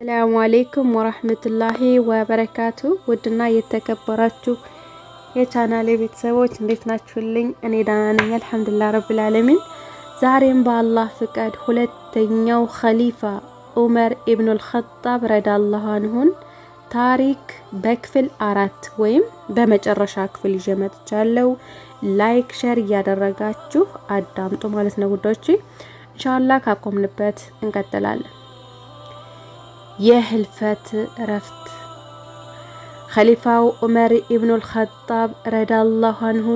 ሰላሙ አሌይኩም ወራህመቱላሂ ወበረካቱ ውድና የተከበራችሁ የቻናሌ ቤተሰቦች እንዴት ናችሁልኝ? እኔ ደህና ነኝ አልሐምዱሊላህ ረብል ዛሬም በአላህ ፍቃድ ሁለተኛው ኸሊፋ ዑመር ኢብኑል ኸጣብ ረዲየላሁ ዐንሁን ታሪክ በክፍል አራት ወይም በመጨረሻ ክፍል ይዤ መጥቻለሁ። ላይክ ሸር እያደረጋችሁ አዳምጡ ማለት ነው ጉዳዮቼ። ኢንሻአላህ ካቆምንበት እንቀጥላለን። የህልፈት እረፍት ኸሊፋው ዑመር ኢብኑል ኸጣብ ረዳላሁ አንሁ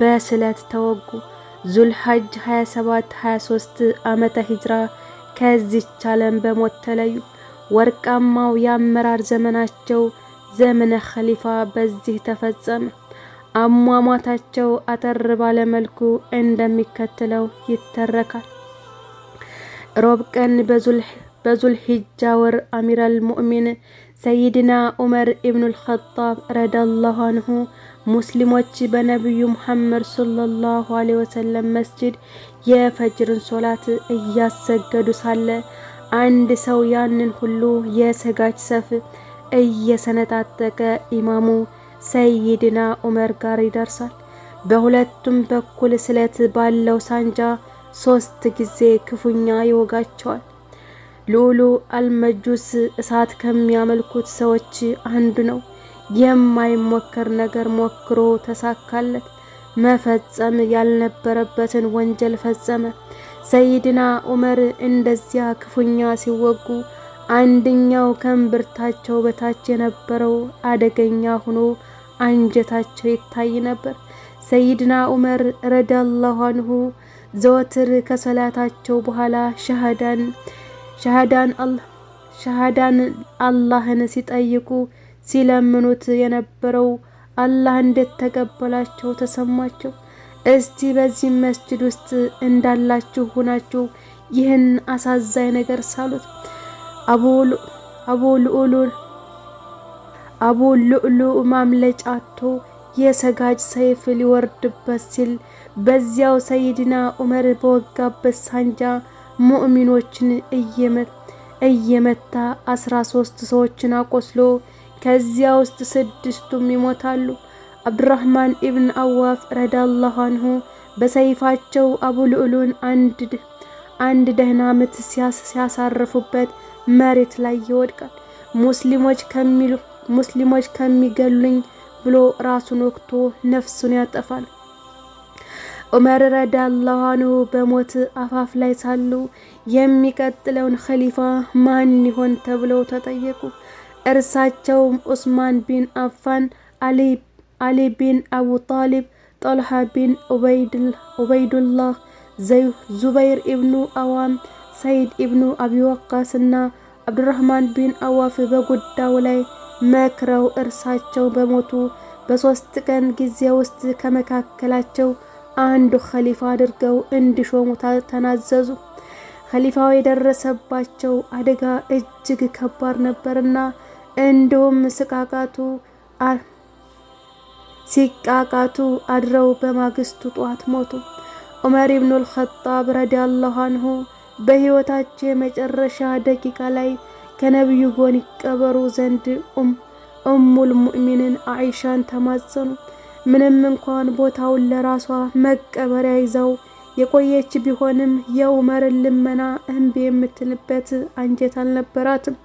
በስለት ተወጉ። ዙልሐጅ 27 23 ዓመተ ሂጅራ ከዚች ዓለም በሞት ተለዩ። ወርቃማው የአመራር ዘመናቸው ዘመነ ኸሊፋ በዚህ ተፈጸመ። አሟሟታቸው አጠር ባለመልኩ እንደሚከተለው ይተረካል። ሮብ ቀን በዙል በዙልሂጃ ወር አሚራል ሙእሚን ሰይድና ዑመር ኢብኑል ኸጣብ ረዲየላሁ አንሁ ሙስሊሞች በነቢዩ ሙሐመድ ሰለላሁ ዐለይሂ ወሰለም መስጂድ የፈጅርን ሶላት እያሰገዱ ሳለ አንድ ሰው ያንን ሁሉ የሰጋጅ ሰፍ እየሰነጣጠቀ ኢማሙ ሰይድና ዑመር ጋር ይደርሳል። በሁለቱም በኩል ስለት ባለው ሳንጃ ሶስት ጊዜ ክፉኛ ይወጋቸዋል። ሉሉ አልመጁስ እሳት ከሚያመልኩት ሰዎች አንዱ ነው። የማይሞከር ነገር ሞክሮ ተሳካለት። መፈጸም ያልነበረበትን ወንጀል ፈጸመ። ሰይድና ዑመር እንደዚያ ክፉኛ ሲወጉ አንደኛው ከእምብርታቸው በታች የነበረው አደገኛ ሆኖ አንጀታቸው ይታይ ነበር። ሰይድና ዑመር ረዲየላሁ አንሁ ዘወትር ከሰላታቸው በኋላ ሸሃዳን ሻሃዳን አላህን ሲጠይቁ ሲለምኑት የነበረው አላህ እንደተቀበላቸው ተሰማቸው። እስቲ በዚህ መስጂድ ውስጥ እንዳላችሁ ሆናችሁ ይህን አሳዛኝ ነገር ሳሉት። አቡ ሉዕሉዕ ማምለጫ አጥቶ የሰጋጅ ሰይፍ ሊወርድበት ሲል በዚያው ሰይድና ዑመር በወጋበት ሳንጃ ሙእሚኖችን እየመታ አስራ ሶስት ሰዎችን አቆስሎ ከዚያ ውስጥ ስድስቱም ይሞታሉ። አብዱራህማን ኢብን አዋፍ ረዳላሁ አንሁ በሰይፋቸው አቡ ልዑሉን አንድ ደህና ምት ሲያሳርፉበት መሬት ላይ ይወድቃል። ሙስሊሞች ከሚገሉኝ ብሎ ራሱን ወቅቶ ነፍሱን ያጠፋል። ዑመር ረዲየላሁ አንሁ በሞት አፋፍ ላይ ሳሉ የሚቀጥለውን ኸሊፋ ማን ይሆን ተብለው ተጠየቁ። እርሳቸውም ዑስማን ቢን አፋን፣ አሊ ቢን አቡ ጣሊብ፣ ጦልሃ ቢን ዑበይዱላህ፣ ዙበይር ኢብኑ አዋም፣ ሰይድ ኢብኑ አቢ ወቃስ እና አብዱራህማን ቢን አዋፍ በጉዳዩ ላይ መክረው እርሳቸው በሞቱ በሶስት ቀን ጊዜ ውስጥ ከመካከላቸው አንዱ ኸሊፋ አድርገው እንዲሾሙ ተናዘዙ። ኸሊፋው የደረሰባቸው አደጋ እጅግ ከባድ ነበርና እንዲሁም ስቃቃቱ ሲቃቃቱ አድረው በማግስቱ ጠዋት ሞቱ። ዑመር ኢብኑል ኸጣብ ረዲያላሁ አንሁ በሕይወታቸው የመጨረሻ ደቂቃ ላይ ከነቢዩ ጎን ይቀበሩ ዘንድ ኡሙል ሙእሚንን አይሻን ተማጸኑ። ምንም እንኳን ቦታውን ለራሷ መቀበሪያ ይዛው የቆየች ቢሆንም የኡመርን ልመና እምቢ የምትልበት አንጀት አልነበራትም።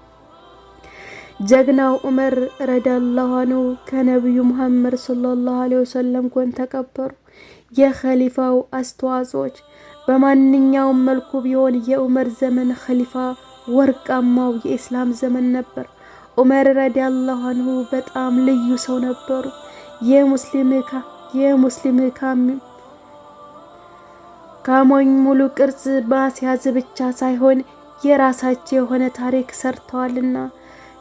ጀግናው ዑመር ረዲየላሁ አንሁ ከነቢዩ መሐመድ ሰለላሁ ዐለይሂ ወሰለም ጎን ተቀበሩ። የኸሊፋው አስተዋጽኦች በማንኛውም መልኩ ቢሆን የኡመር ዘመን ኸሊፋ ወርቃማው የኢስላም ዘመን ነበር። ኡመር ረዲየላሁ አንሁ በጣም ልዩ ሰው ነበሩ። የሙስሊም ካሞኝ ሙሉ ቅርጽ ማስያዝ ብቻ ሳይሆን የራሳቸው የሆነ ታሪክ ሰርተዋልና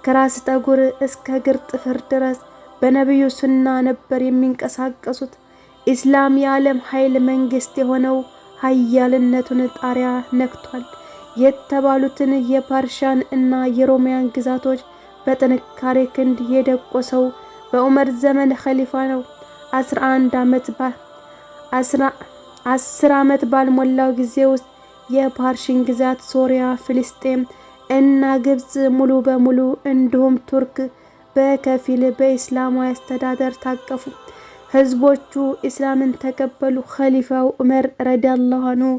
ከራስ ጠጉር እስከ እግር ጥፍር ድረስ በነቢዩ ሱና ነበር የሚንቀሳቀሱት። ኢስላም የዓለም ኃይል መንግስት የሆነው ሀያልነቱን ጣሪያ ነክቷል። የተባሉትን የፓርሻን እና የሮሚያን ግዛቶች በጥንካሬ ክንድ የደቆሰው በዑመር ዘመን ኸሊፋ ነው። 11 ዓመት ባል 10 ዓመት ባልሞላው ጊዜ ውስጥ የፓርሽን ግዛት፣ ሶሪያ፣ ፍልስጤም እና ግብጽ ሙሉ በሙሉ እንዲሁም ቱርክ በከፊል በእስላማዊ አስተዳደር ታቀፉ። ህዝቦቹ ኢስላምን ተቀበሉ። ኸሊፋው ዑመር ረዲየላሁ አንሁ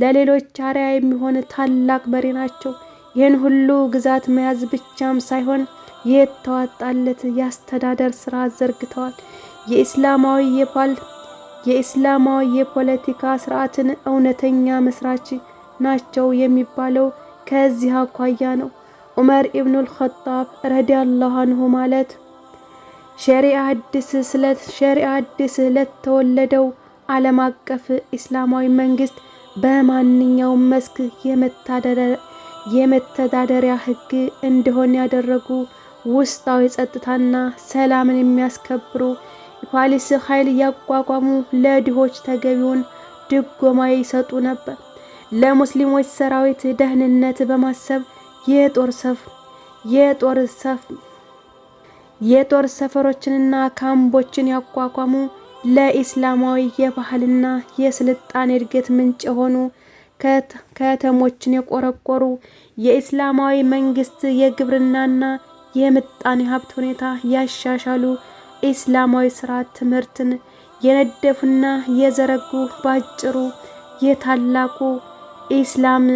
ለሌሎች አሪያ የሚሆን ታላቅ መሪ ናቸው። ይህን ሁሉ ግዛት መያዝ ብቻም ሳይሆን የተዋጣለት የአስተዳደር ስራ ዘርግተዋል። የኢስላማዊ የፓል የኢስላማዊ የፖለቲካ ስርዓትን እውነተኛ መስራች ናቸው የሚባለው ከዚህ አኳያ ነው። ዑመር ኢብኑል ኸጣብ ረዲያላሁ አንሁ ማለት ሸሪዓ አዲስ ስለት ሸሪዓ አዲስ ለተወለደው ዓለም አቀፍ ኢስላማዊ መንግስት በማንኛውም መስክ የመተዳደሪያ ህግ እንደሆነ ያደረጉ ውስጣዊ ጸጥታና ሰላምን የሚያስከብሩ የፖሊስ ኃይል እያቋቋሙ ለድሆች ተገቢውን ድጎማ ይሰጡ ነበር። ለሙስሊሞች ሰራዊት ደህንነት በማሰብ የጦር ሰፍ የጦር ሰፍ የጦር ሰፈሮችንና ካምቦችን ያቋቋሙ ለኢስላማዊ የባህልና የስልጣኔ እድገት ምንጭ የሆኑ ከተሞችን የቆረቆሩ የኢስላማዊ መንግስት የግብርናና የምጣኔ ሀብት ሁኔታ ያሻሻሉ ኢስላማዊ ስርዓት ትምህርትን የነደፉና የዘረጉ ባጭሩ የታላቁ ኢስላም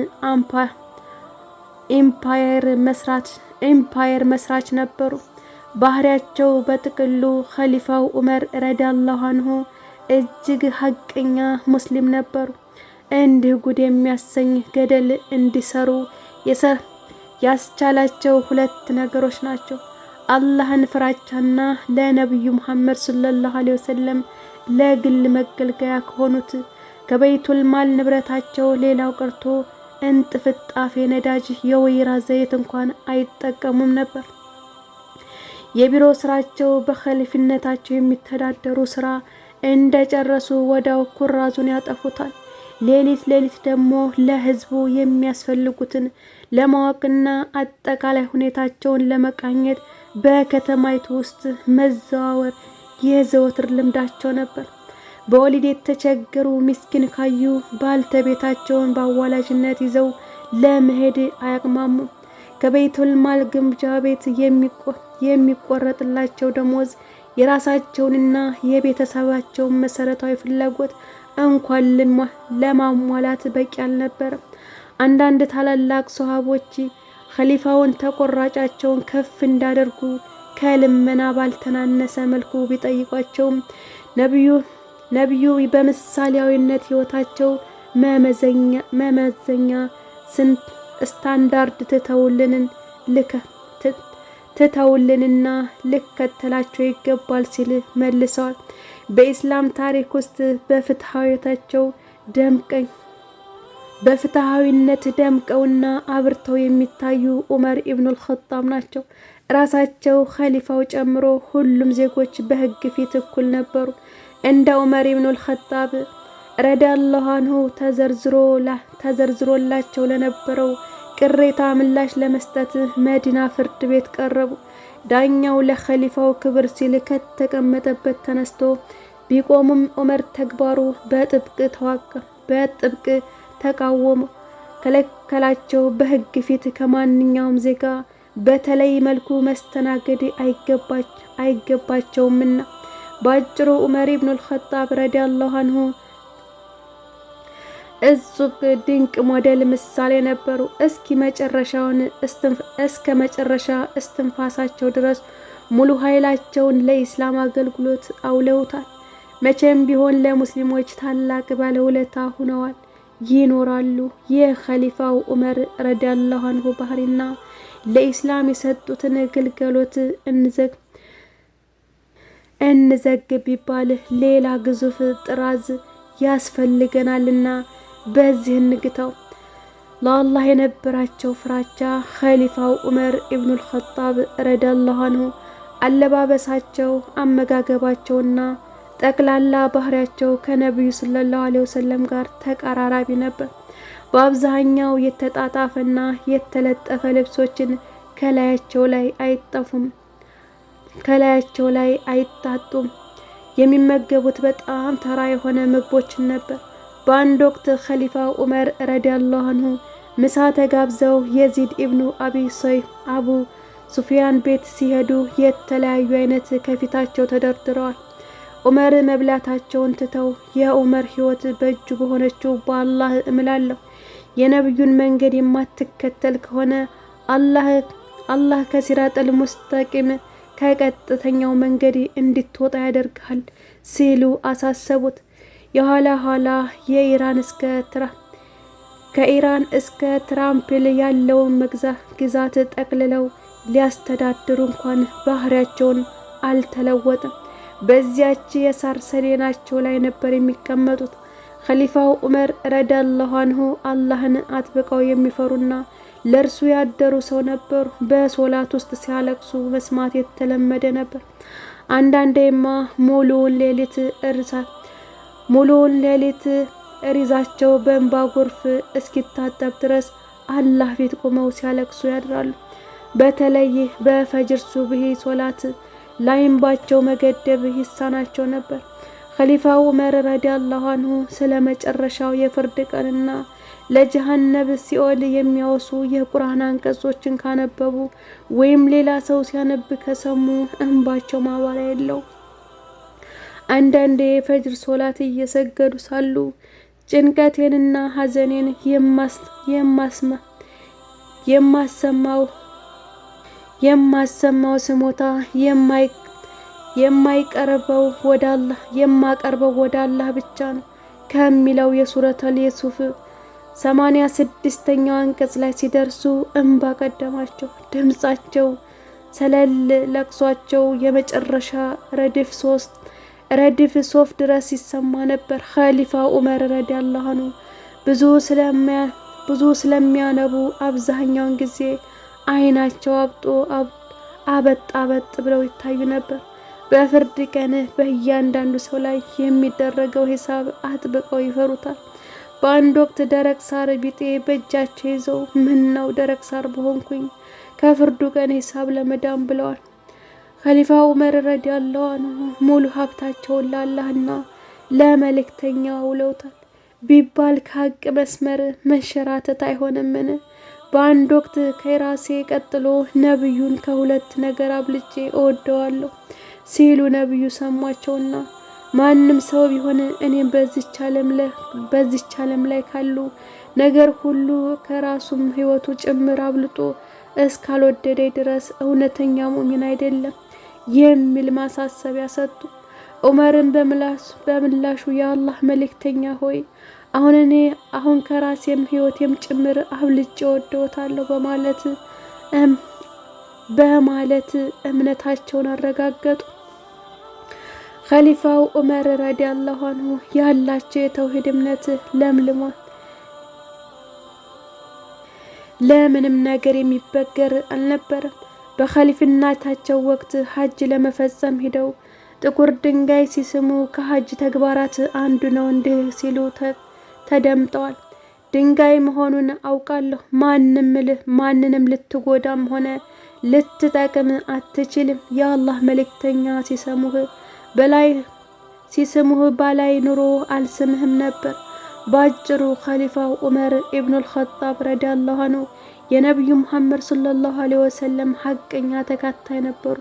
ኢምፓየር መስራች ኢምፓየር መስራች ነበሩ። ባህሪያቸው በጥቅሉ ኸሊፋው ዑመር ረዲየላሁ አንሁ እጅግ ሀቀኛ ሙስሊም ነበሩ። እንዲህ ጉድ የሚያሰኝ ገደል እንዲሰሩ ያስቻላቸው ሁለት ነገሮች ናቸው። አላህን ፍራቻና ለነብዩ መሐመድ ሰለላሁ ዐለይሂ ወሰለም ለግል መገልገያ ከሆኑት ከበይቱል ማል ንብረታቸው ሌላው ቀርቶ እንጥፍጣፌ ነዳጅ፣ የወይራ ዘይት እንኳን አይጠቀሙም ነበር። የቢሮ ስራቸው በኸሊፍነታቸው የሚተዳደሩ ስራ እንደጨረሱ ወዲያው ኩራዙን ያጠፉታል። ሌሊት ሌሊት ደግሞ ለህዝቡ የሚያስፈልጉትን ለማወቅና አጠቃላይ ሁኔታቸውን ለመቃኘት በከተማይቱ ውስጥ መዘዋወር የዘወትር ልምዳቸው ነበር። በወሊድ የተቸገሩ ምስኪን ካዩ ባልተቤታቸውን በአዋላጅነት ይዘው ለመሄድ አያቅማሙም። ከቤይቱል ማል ግምጃ ቤት የሚቆረጥላቸው ደሞዝ የራሳቸውንና የቤተሰባቸውን መሰረታዊ ፍላጎት እንኳን ለማሟላት በቂ አልነበረም። አንዳንድ ታላላቅ ሰሃቦች ኸሊፋውን ተቆራጫቸውን ከፍ እንዳደርጉ ከልመና ባልተናነሰ መልኩ ቢጠይቋቸውም ነቢዩ ነቢዩ በምሳሌያዊነት ሕይወታቸው መመዘኛ ስንት ስታንዳርድ ትተውልንን ልከ ትተውልንና ልከተላቸው ይገባል ሲል መልሰዋል። በኢስላም ታሪክ ውስጥ በፍትሐዊታቸው ደምቀኝ በፍትሐዊነት ደምቀውና አብርተው የሚታዩ ዑመር ኢብኑል ኸጣብ ናቸው። ራሳቸው ኸሊፋው ጨምሮ ሁሉም ዜጎች በሕግ ፊት እኩል ነበሩ። እንደ ዑመር ኢብኑል ኸጣብ ረዲየላሁ አንሁ ተዘርዝሮላቸው ለነበረው ቅሬታ ምላሽ ለመስጠት መዲና ፍርድ ቤት ቀረቡ። ዳኛው ለኸሊፋው ክብር ሲል ከተቀመጠበት ተነስቶ ቢቆምም ዑመር ተግባሩ በጥብቅ ተዋጋ በጥብቅ ተቃወሙ። ከለከላቸው። በሕግ ፊት ከማንኛውም ዜጋ በተለይ መልኩ መስተናገድ አይገባቸውምና። በአጭሩ ዑመር ኢብኑል ኸጣብ ረዲያላሁ አንሁ እጹብ ድንቅ ሞዴል ምሳሌ ነበሩ። እስኪ መጨረሻውን እስከ መጨረሻ እስትንፋሳቸው ድረስ ሙሉ ኃይላቸውን ለኢስላም አገልግሎት አውለውታል። መቼም ቢሆን ለሙስሊሞች ታላቅ ባለውለታ ሆነዋል። ይኖራሉ። የኸሊፋው ዑመር ረዲያላሁ አንሁ ባህሪና ለኢስላም የሰጡትን ግልጋሎት እንዘግ እንዘግ ቢባል ሌላ ግዙፍ ጥራዝ ያስፈልገናልና በዚህ እንግታው። ለአላህ የነበራቸው ፍራቻ ኸሊፋው ዑመር ኢብኑል ኸጣብ ረዲያላሁ አንሁ አለባበሳቸው፣ አመጋገባቸውና ጠቅላላ ባህሪያቸው ከነቢዩ ሰለላሁ ዐለይሂ ወሰለም ጋር ተቀራራቢ ነበር። በአብዛኛው የተጣጣፈና የተለጠፈ ልብሶችን ከላያቸው ላይ አይጠፉም ከላያቸው ላይ አይታጡም። የሚመገቡት በጣም ተራ የሆነ ምግቦችን ነበር። በአንድ ወቅት ኸሊፋ ዑመር ረዲያላሁ አንሁ ምሳ ተጋብዘው የዚድ ኢብኑ አቢ ሶይፍ አቡ ሱፊያን ቤት ሲሄዱ የተለያዩ አይነት ከፊታቸው ተደርድረዋል። ዑመር መብላታቸውን ትተው የዑመር ሕይወት በእጁ በሆነችው በአላህ እምላለሁ የነብዩን መንገድ የማትከተል ከሆነ አላህ አላህ ከሲራጠል ሙስተቂም ከቀጥተኛው መንገድ እንድትወጣ ያደርግሃል ሲሉ አሳሰቡት። የኋላ ኋላ የኢራን እስከ ትራ ከኢራን እስከ ትራምፕል ያለውን መግዛ ግዛት ጠቅልለው ሊያስተዳድሩ እንኳን ባህሪያቸውን አልተለወጠም። በዚያች የሳር ሰሌናቸው ላይ ነበር የሚቀመጡት። ኸሊፋው ዑመር ረዳላሁ አንሁ አላህን አጥብቀው የሚፈሩና ለእርሱ ያደሩ ሰው ነበሩ። በሶላት ውስጥ ሲያለቅሱ መስማት የተለመደ ነበር። አንዳንዴማ ሙሉውን ሌሊት እርሳ ሙሉውን ሌሊት እሪዛቸው በእንባ ጎርፍ እስኪታጠብ ድረስ አላህ ፊት ቆመው ሲያለቅሱ ያድራሉ። በተለይ በፈጅር ሱብሂ ሶላት ላይምባቸው መገደብ ይሳናቸው ነበር። ኸሊፋው ዑመር ረዲያላሁ አንሁ ስለ መጨረሻው የፍርድ ቀንና ለጀሃነብ ሲኦል የሚያወሱ የቁርአን አንቀጾችን ካነበቡ ወይም ሌላ ሰው ሲያነብ ከሰሙ እንባቸው ማባሪያ የለው። አንዳንዴ የፈጅር ሶላት እየሰገዱ ሳሉ ጭንቀቴንና ሐዘኔን የማሰማው የማሰማው ስሞታ የማይቀርበው ወደ አላህ የማቀርበው ወደ አላህ ብቻ ነው ከሚለው የሱረተል የሱፍ ሰማንያ ስድስተኛው አንቀጽ ላይ ሲደርሱ እንባ ቀደማቸው። ድምጻቸው ሰለል ለቅሷቸው የመጨረሻ ረድፍ ሶስት ረድፍ ሶፍ ድረስ ይሰማ ነበር። ኸሊፋ ዑመር ረዲየላሁ ዐንሁ ብዙ ስለሚያነቡ አብዛኛውን ጊዜ አይናቸው አብጦ አበጥ አበጥ ብለው ይታዩ ነበር። በፍርድ ቀን በእያንዳንዱ ሰው ላይ የሚደረገው ሂሳብ አጥብቀው ይፈሩታል። በአንድ ወቅት ደረቅ ሳር ቢጤ በእጃቸው ይዘው ምን ነው ደረቅ ሳር በሆንኩኝ ከፍርዱ ቀን ሂሳብ ለመዳም ብለዋል። ከሊፋ ዑመር ረድ ዐንሁ ሙሉ ሀብታቸውን ላላህና ለመልእክተኛ ውለውታል ቢባል ከሀቅ መስመር መሸራተት አይሆንምን? በአንድ ወቅት ከራሴ ቀጥሎ ነብዩን ከሁለት ነገር አብልጬ እወደዋለሁ ሲሉ ነብዩ ሰሟቸውና ማንም ሰው ቢሆን እኔም በዚች ዓለም ላይ ካሉ ነገር ሁሉ ከራሱም ሕይወቱ ጭምር አብልጦ እስካልወደደ ድረስ እውነተኛ ሙሚን አይደለም የሚል ማሳሰቢያ ሰጡ። ዑመርን በምላሹ የአላህ መልእክተኛ ሆይ አሁን እኔ አሁን ከራሴም ህይወቴም ጭምር አብልጬ ወደውታለሁ በማለት በማለት እምነታቸውን አረጋገጡ። ኸሊፋው ዑመር ረዲያላሁ አንሁ ያላቸው የተውሂድ እምነት ለምልሟል። ለምንም ነገር የሚበገር አልነበረም። በኸሊፍናታቸው ወቅት ሀጅ ለመፈጸም ሂደው ጥቁር ድንጋይ ሲስሙ ከሀጅ ተግባራት አንዱ ነው እንዲህ ሲሉ ተደምጠዋል። ድንጋይ መሆኑን አውቃለሁ። ማንም ልህ ማንንም ልትጎዳም ሆነ ልትጠቅም አትችልም። የአላህ መልእክተኛ ሲሰሙህ በላይ ሲስሙህ ባላይ ኑሮ አልስምህም ነበር። በአጭሩ ኸሊፋው ዑመር ኢብኑል ኸጣብ ረዲያላሁ አንሁ የነቢዩ ሙሐመድ ሰለላሁ ዐለይሂ ወሰለም ሀቀኛ ተካታይ ነበሩ።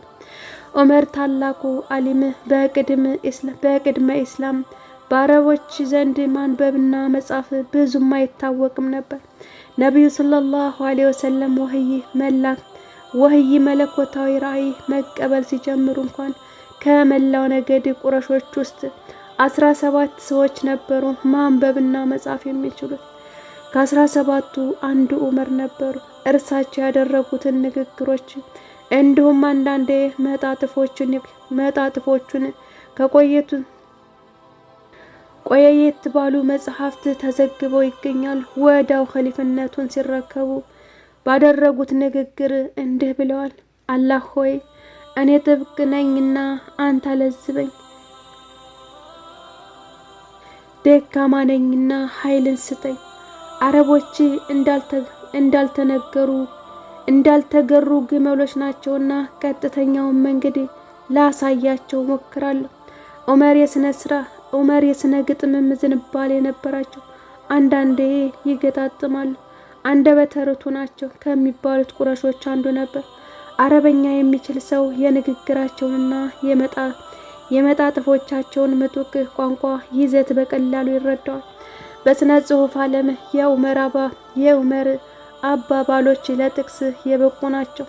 ዑመር ታላቁ አሊምህ በቅድመ ኢስላም በአረቦች ዘንድ ማንበብና መጻፍ ብዙም አይታወቅም ነበር። ነቢዩ ሰለላሁ ዐለይሂ ወሰለም ወህይ መላክ ወህይ መለኮታዊ ራእይ መቀበል ሲጀምሩ እንኳን ከመላው ነገድ ቁረሾች ውስጥ አስራ ሰባት ሰዎች ነበሩ ማንበብና መጻፍ የሚችሉት። ከአስራ ሰባቱ አንዱ ዑመር ነበሩ። እርሳቸው ያደረጉትን ንግግሮች እንዲሁም አንዳንዴ መጣጥፎቹን ከቆየቱ ቆየት ባሉ መጽሐፍት ተዘግበው ይገኛል። ወዳው ኸሊፍነቱን ሲረከቡ ባደረጉት ንግግር እንዲህ ብለዋል። አላህ ሆይ እኔ ጥብቅ ነኝና አንተ አለዝበኝ፣ ደካማ ነኝና ኃይልን ስጠኝ። አረቦች እንዳልተነገሩ እንዳልተገሩ ግመሎች ናቸውና ቀጥተኛውን መንገድ ላሳያቸው ሞክራለሁ። ዑመር የስነ ዑመር የስነ ግጥምም ዝንባሌ የነበራቸው አንዳንዴ ይገጣጥማሉ። አንደበተ ርቱዕ ናቸው ከሚባሉት ቁረሾች አንዱ ነበር። አረበኛ የሚችል ሰው የንግግራቸውንና የመጣጥፎቻቸውን ምጡቅ ቋንቋ ይዘት በቀላሉ ይረዳዋል። በስነ ጽሑፍ ዓለም የዑመር አባባሎች ለጥቅስ የበቁ ናቸው።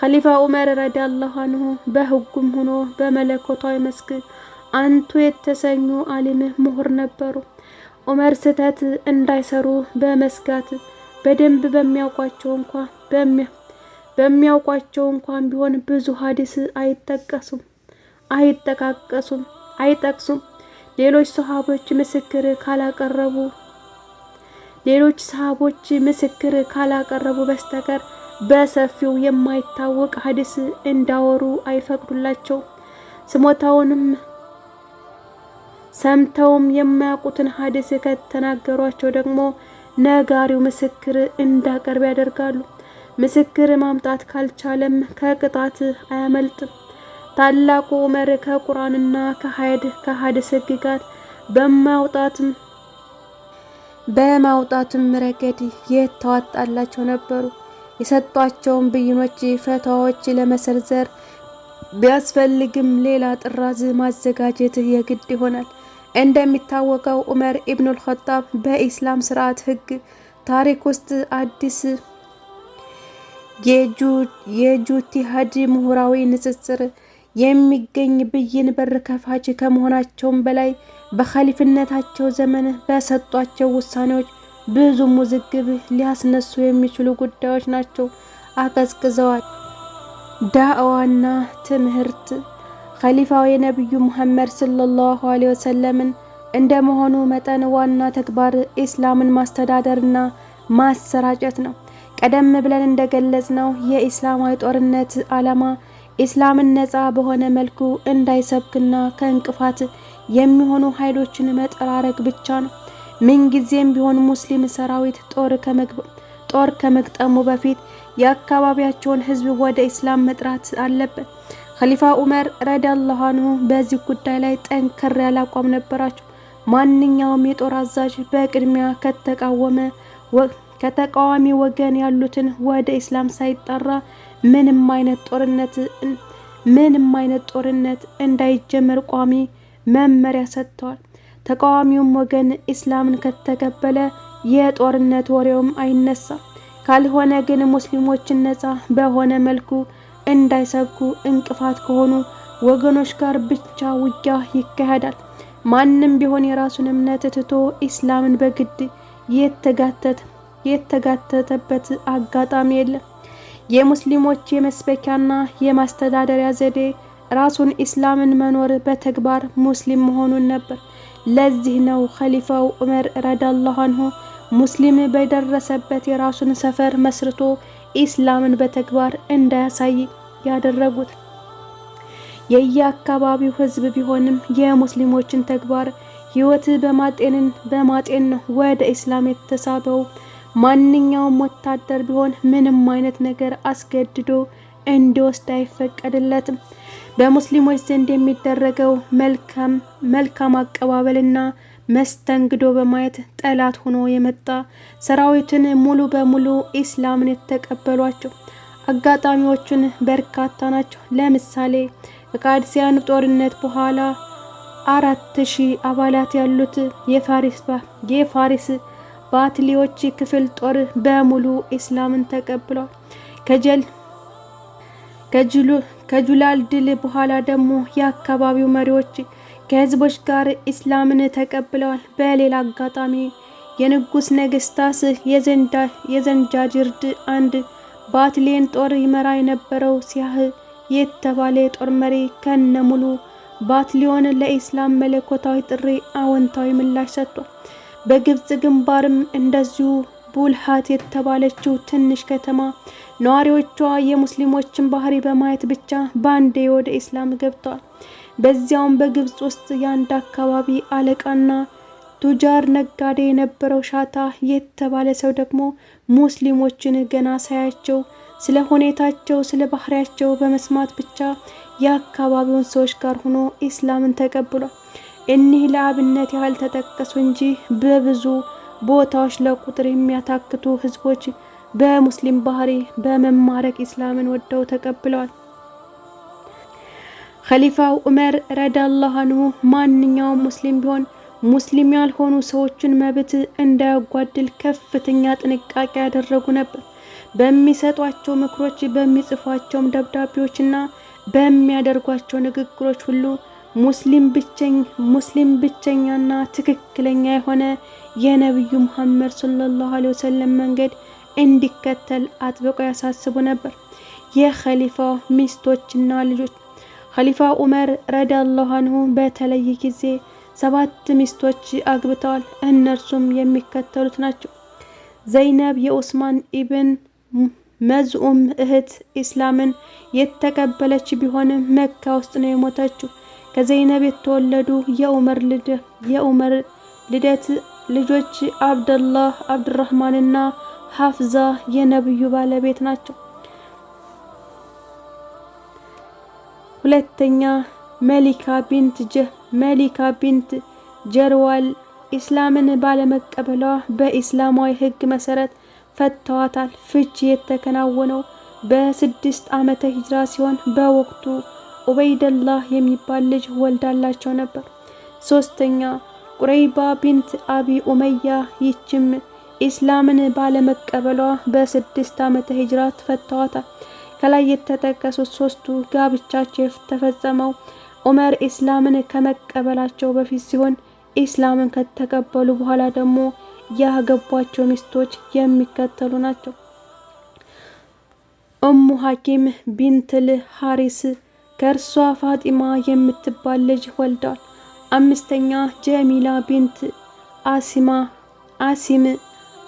ኸሊፋ ዑመር ረዲያላሁ አንሁ በህጉም ሆኖ በመለኮታዊ መስክ አንቱ የተሰኙ አሊም ምሁር ነበሩ። ዑመር ስህተት እንዳይሰሩ በመስጋት በደንብ በሚያውቋቸው እንኳ በሚያውቋቸው እንኳን ቢሆን ብዙ ሀዲስ አይጠቀሱም አይጠቃቀሱም አይጠቅሱም። ሌሎች ሰሃቦች ምስክር ካላቀረቡ ሌሎች ሰሃቦች ምስክር ካላቀረቡ በስተቀር በሰፊው የማይታወቅ ሀዲስ እንዳወሩ አይፈቅዱላቸው ስሞታውንም ሰምተውም የማያውቁትን ሀዲስ ከተናገሯቸው ደግሞ ነጋሪው ምስክር እንዳቀርብ ያደርጋሉ። ምስክር ማምጣት ካልቻለም ከቅጣት አያመልጥም። ታላቁ ዑመር ከቁርአንና ከሀይድ ከሀዲስ ጋር በማውጣትም በማውጣትም ረገድ የተዋጣላቸው ነበሩ። የሰጧቸውን ብይኖች፣ ፈታዎች ለመሰርዘር ቢያስፈልግም ሌላ ጥራዝ ማዘጋጀት የግድ ይሆናል። እንደሚታወቀው ዑመር ኢብኑል ኸጣብ በኢስላም ስርዓት ህግ ታሪክ ውስጥ አዲስ የጁቲሃድ ምሁራዊ ንጽጽር የሚገኝ ብይን በር ከፋች ከመሆናቸውም በላይ በኸሊፍነታቸው ዘመን በሰጧቸው ውሳኔዎች ብዙ ውዝግብ ሊያስነሱ የሚችሉ ጉዳዮች ናቸው አቀዝቅዘዋል። ዳዕዋና ትምህርት ኸሊፋው የነቢዩ ሙሐመድ ሰለላሁ ዐለይሂ ወሰለምን እንደ መሆኑ መጠን ዋና ተግባር ኢስላምን ማስተዳደርና ማሰራጨት ነው። ቀደም ብለን እንደገለጽነው የኢስላማዊ ጦርነት ዓላማ ኢስላምን ነጻ በሆነ መልኩ እንዳይሰብክና ከእንቅፋት የሚሆኑ ኃይሎችን መጠራረግ ብቻ ነው። ምንጊዜም ቢሆን ሙስሊም ሰራዊት ጦር ከመግጠሙ በፊት የአካባቢያቸውን ሕዝብ ወደ ኢስላም መጥራት አለበት። ኸሊፋ ዑመር ረዲያላሁ አንሁ በዚህ ጉዳይ ላይ ጠንከር ያለ አቋም ነበራቸው። ማንኛውም የጦር አዛዥ በቅድሚያ ከተቃወመ ከተቃዋሚ ወገን ያሉትን ወደ ኢስላም ሳይጠራ ምንም አይነት ጦርነት ምንም አይነት ጦርነት እንዳይጀመር ቋሚ መመሪያ ሰጥተዋል። ተቃዋሚውም ወገን ኢስላምን ከተቀበለ የጦርነት ወሬውም አይነሳም። ካልሆነ ግን ሙስሊሞችን ነጻ በሆነ መልኩ እንዳይሰብኩ እንቅፋት ከሆኑ ወገኖች ጋር ብቻ ውጊያ ይካሄዳል። ማንም ቢሆን የራሱን እምነት ትቶ ኢስላምን በግድ የተጋተተበት አጋጣሚ የለም። የሙስሊሞች የመስበኪያና የማስተዳደሪያ ዘዴ ራሱን ኢስላምን መኖር በተግባር ሙስሊም መሆኑን ነበር። ለዚህ ነው ኸሊፋው ዑመር ረዳላሁ አንሁ ሙስሊም በደረሰበት የራሱን ሰፈር መስርቶ ኢስላምን በተግባር እንዳያሳይ ያደረጉት። የየአካባቢው ህዝብ ቢሆንም የሙስሊሞችን ተግባር ህይወት በማጤንን በማጤን ነው ወደ ኢስላም የተሳበው። ማንኛውም ወታደር ቢሆን ምንም አይነት ነገር አስገድዶ እንዲወስድ አይፈቀድለትም። በሙስሊሞች ዘንድ የሚደረገው መልካም መልካም አቀባበልና መስተንግዶ በማየት ጠላት ሆኖ የመጣ ሰራዊትን ሙሉ በሙሉ ኢስላምን የተቀበሏቸው አጋጣሚዎቹን በርካታ ናቸው። ለምሳሌ ከቃድሲያን ጦርነት በኋላ አራት ሺህ አባላት ያሉት የፋሪስ ባትሊዎች ክፍል ጦር በሙሉ ኢስላምን ተቀብለዋል። ከጁላል ድል በኋላ ደግሞ የአካባቢው መሪዎች ከህዝቦች ጋር ኢስላምን ተቀብለዋል። በሌላ አጋጣሚ የንጉሥ ነገስታስ የዘንጃጅርድ አንድ ባትሌን ጦር ይመራ የነበረው ሲያህ የተባለ የጦር መሪ ከነ ሙሉ ባትሊዮን ለኢስላም መለኮታዊ ጥሪ አዎንታዊ ምላሽ ሰጥቷል። በግብፅ ግንባርም እንደዚሁ ቡልሃት የተባለችው ትንሽ ከተማ ነዋሪዎቿ የሙስሊሞችን ባህሪ በማየት ብቻ በአንዴ ወደ ኢስላም ገብተዋል። በዚያውም በግብጽ ውስጥ የአንድ አካባቢ አለቃና ቱጃር ነጋዴ የነበረው ሻታ የተባለ ሰው ደግሞ ሙስሊሞችን ገና ሳያቸው ስለ ሁኔታቸው፣ ስለ ባህሪያቸው በመስማት ብቻ የአካባቢውን ሰዎች ጋር ሆኖ ኢስላምን ተቀብሏል። እኒህ ለአብነት ያህል ተጠቀሱ እንጂ በብዙ ቦታዎች ለቁጥር የሚያታክቱ ህዝቦች በሙስሊም ባህሪ በመማረክ ኢስላምን ወደው ተቀብለዋል። ኸሊፋው ዑመር ረዳላሁ አንሁ ማንኛውም ሙስሊም ቢሆን ሙስሊም ያልሆኑ ሰዎችን መብት እንዳያጓድል ከፍተኛ ጥንቃቄ ያደረጉ ነበር። በሚሰጧቸው ምክሮች፣ በሚጽፏቸውም ደብዳቤዎችና በሚያደርጓቸው ንግግሮች ሁሉ ሙስሊም ብቸኝ ሙስሊም ብቸኛና ትክክለኛ የሆነ የነቢዩ መሐመድ ሰለላሁ ዐለይሂ ወሰለም መንገድ እንዲከተል አጥብቀው ያሳስቡ ነበር። የኸሊፋው ሚስቶችና ልጆች ኸሊፋ ዑመር ረዲያላሁ አንሁ በተለየ ጊዜ ሰባት ሚስቶች አግብተዋል። እነርሱም የሚከተሉት ናቸው። ዘይነብ የኡስማን ኢብን መዝኡም እህት ኢስላምን የተቀበለች ቢሆንም መካ ውስጥ ነው የሞተችው። ከዘይነብ የተወለዱ የዑመር ልደት ልጆች አብደላህ፣ አብድራህማንና ሐፍዛ የነብዩ ባለቤት ናቸው። ሁለተኛ መሊካ ቢንት መሊካ ቢንት ጀርዋል ኢስላምን ባለመቀበሏ በኢስላማዊ ሕግ መሰረት ፈተዋታል። ፍች የተከናወነው በስድስት ዓመተ ሂጅራ ሲሆን በወቅቱ ኡበይደላህ የሚባል ልጅ ወልዳላቸው ነበር። ሶስተኛ ቁረይባ ቢንት አቢ ኡመያ ይችም ኢስላምን ባለመቀበሏ በስድስት ዓመተ ሂጅራ ፈተዋታል። ከላይ የተጠቀሱት ሶስቱ ጋብቻቸው የተፈጸመው ኡመር ኢስላምን ከመቀበላቸው በፊት ሲሆን ኢስላምን ከተቀበሉ በኋላ ደግሞ ያገቧቸው ሚስቶች የሚከተሉ ናቸው። ኡሙ ሐኪም ቢንትል ሐሪስ ከእርሷ ፋጢማ የምትባል ልጅ ወልደዋል። አምስተኛ ጀሚላ ቢንት አሲማ አሲም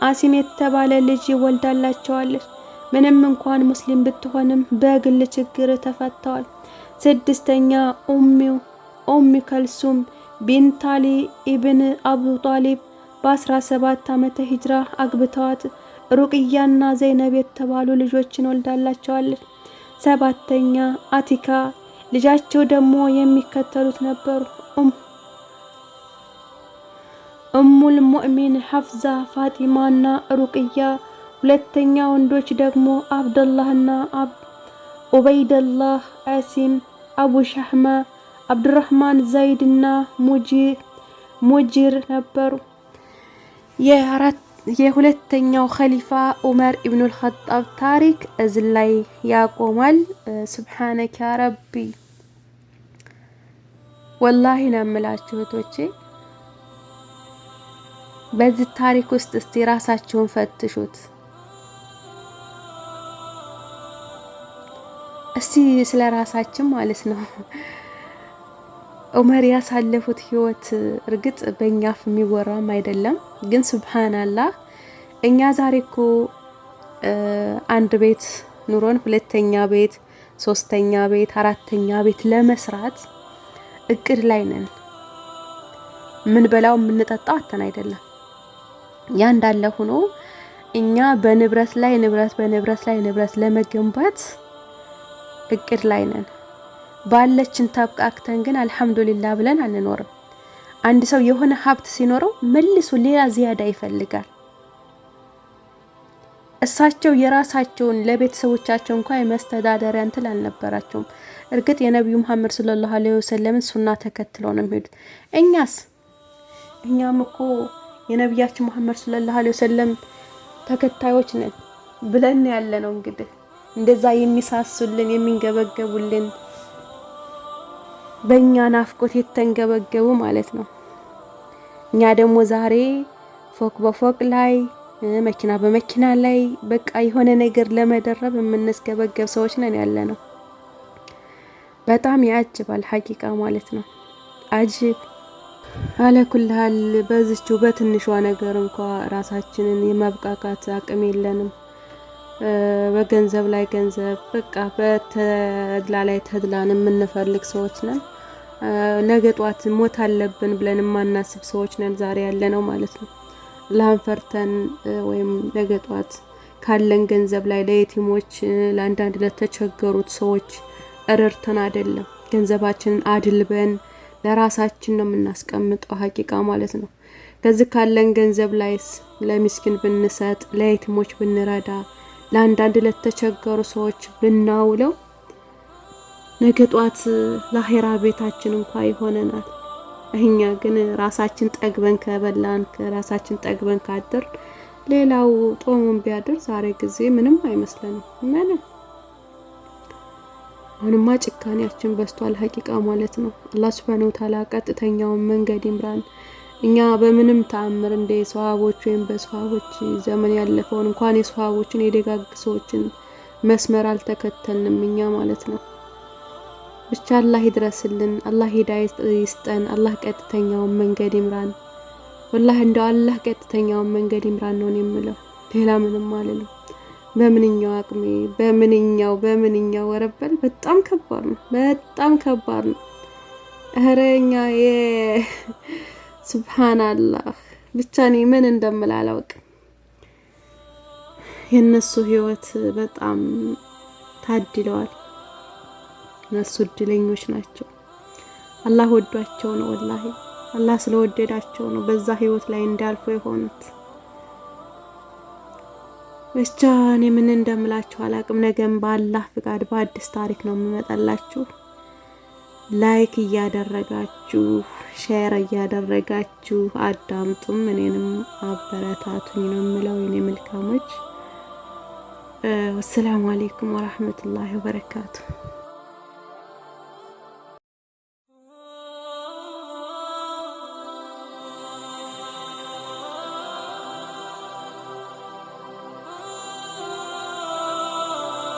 አሲም የተባለ ልጅ ወልዳላቸዋለች። ምንም እንኳን ሙስሊም ብትሆንም በግል ችግር ተፈተዋል። ስድስተኛ ኡሚው ኡሚ ከልሱም ቢንታሊ ኢብን አቡ ጣሊብ በ17 ዓመተ ሂጅራ አግብተዋት ሩቅያና ዘይነብ የተባሉ ልጆችን ወልዳላቸዋለች። ሰባተኛ አቲካ ልጃቸው ደግሞ የሚከተሉት ነበሩ። እሙል ሙእሚን ሐፍዛ፣ ፋጢማና ሩቅያ ሁለተኛ ወንዶች ደግሞ አብደላህና ኡበይደላህ፣ አሲም፣ አቡ ሻህማ፣ አብዱራህማን ዘይድና ሙጂር ነበሩ። የሁለተኛው ኸሊፋ ዑመር ኢብኑል ኸጣብ ታሪክ እዚ ላይ ያቆማል። ስብሓነከ ያ ረቢ። ወላሂ ነምላችሁ እህቶቼ፣ በዚህ ታሪክ ውስጥ እስቲ ራሳችሁን ፈትሹት። እስቲ ስለ ራሳችን ማለት ነው ኦመር ያሳለፉት ህይወት እርግጥ በእኛ አፍ የሚወራም አይደለም፣ ግን ስብሓናላህ እኛ ዛሬ እኮ አንድ ቤት ኑሮን ሁለተኛ ቤት፣ ሶስተኛ ቤት፣ አራተኛ ቤት ለመስራት እቅድ ላይ ነን። ምን በላው የምንጠጣው አተን አይደለም። ያ እንዳለ ሆኖ እኛ በንብረት ላይ ንብረት በንብረት ላይ ንብረት ለመገንባት እቅድ ላይ ነን። ባለችን ታብቃክተን ግን አልሐምዱሊላ ብለን አንኖርም። አንድ ሰው የሆነ ሀብት ሲኖረው መልሶ ሌላ ዚያዳ ይፈልጋል። እሳቸው የራሳቸውን ለቤተሰቦቻቸው እንኳ የመስተዳደሪያ እንትን አልነበራቸውም። እርግጥ የነቢዩ መሐመድ ሰለላሁ ዐለይሂ ወሰለምን ሱና ተከትለው ነው የሚሄዱት። እኛስ እኛም እኮ የነቢያችን መሐመድ ሰለላሁ ዐለይሂ ወሰለም ተከታዮች ነን ብለን ያለ ነው እንግዲህ እንደዛ የሚሳሱልን የሚንገበገቡልን በእኛ ናፍቆት የተንገበገቡ ማለት ነው። እኛ ደግሞ ዛሬ ፎቅ በፎቅ ላይ መኪና በመኪና ላይ በቃ የሆነ ነገር ለመደረብ የምንስገበገብ ሰዎች ነን ያለ ነው። በጣም ያጅባል ሀቂቃ ማለት ነው። አጅብ አለኩልሃል። በዚችው በትንሿ ነገር እንኳ ራሳችንን የማብቃቃት አቅም የለንም። በገንዘብ ላይ ገንዘብ በቃ በተድላ ላይ ተድላን የምንፈልግ ሰዎች ነን። ነገ ጧት ሞት አለብን ብለን የማናስብ ሰዎች ነን ዛሬ ያለ ነው ማለት ነው። ላንፈርተን ወይም ነገ ጧት ካለን ገንዘብ ላይ ለየቲሞች፣ ለአንዳንድ ለተቸገሩት ሰዎች እረርተን አይደለም ገንዘባችንን አድልበን ለራሳችን ነው የምናስቀምጠው ሀቂቃ ማለት ነው። ከዚህ ካለን ገንዘብ ላይስ ለሚስኪን ብንሰጥ፣ ለየቲሞች ብንረዳ ለአንዳንድ ለተቸገሩ ሰዎች ብናውለው ነገ ጧት ለአሄራ ቤታችን እንኳ ይሆነናል። እኛ ግን ራሳችን ጠግበን ከበላን ከራሳችን ጠግበን ካደር ሌላው ጦሙን ቢያድር ዛሬ ጊዜ ምንም አይመስለንም። እና አሁንማ ጭካኔያችን በስቷል ሀቂቃ ማለት ነው። አላህ ሱብሐነሁ ወተዓላ ቀጥተኛውን መንገድ ይምራን። እኛ በምንም ተአምር እንደ ሰዋቦች ወይም በሰዋቦች ዘመን ያለፈውን እንኳን የሰዋቦችን የደጋግ ሰዎችን መስመር አልተከተልንም እኛ ማለት ነው። ብቻ አላህ ይድረስልን፣ አላህ ሂዳያ ይስጠን፣ አላህ ቀጥተኛውን መንገድ ይምራን። ወላህ እንደው አላህ ቀጥተኛውን መንገድ ይምራን ነው የምለው፣ ሌላ ምንም አልልም። በምንኛው አቅሜ በምንኛው በምንኛው ወረበል በጣም ከባድ ነው፣ በጣም ከባድ ነው። እረ ስብሓናላህ ብቻ እኔ ምን እንደምል አላውቅም። የእነሱ ህይወት በጣም ታድለዋል። እነሱ እድለኞች ናቸው። አላህ ወዷቸው ነው። ወላሂ አላህ ስለወደዳቸው ነው በዛ ህይወት ላይ እንዳልፎ የሆኑት። ብቻ እኔ ምን እንደምላችሁ አላውቅም። ነገም በአላህ ፍቃድ በአዲስ ታሪክ ነው የምመጣላችሁ። ላይክ እያደረጋችሁ ሼር እያደረጋችሁ አዳምጡም እኔንም አበረታቱኝ ነው የምለው የኔ መልካሞች። ወሰላሙ አሌይኩም ወራህመቱላሂ ወበረካቱ።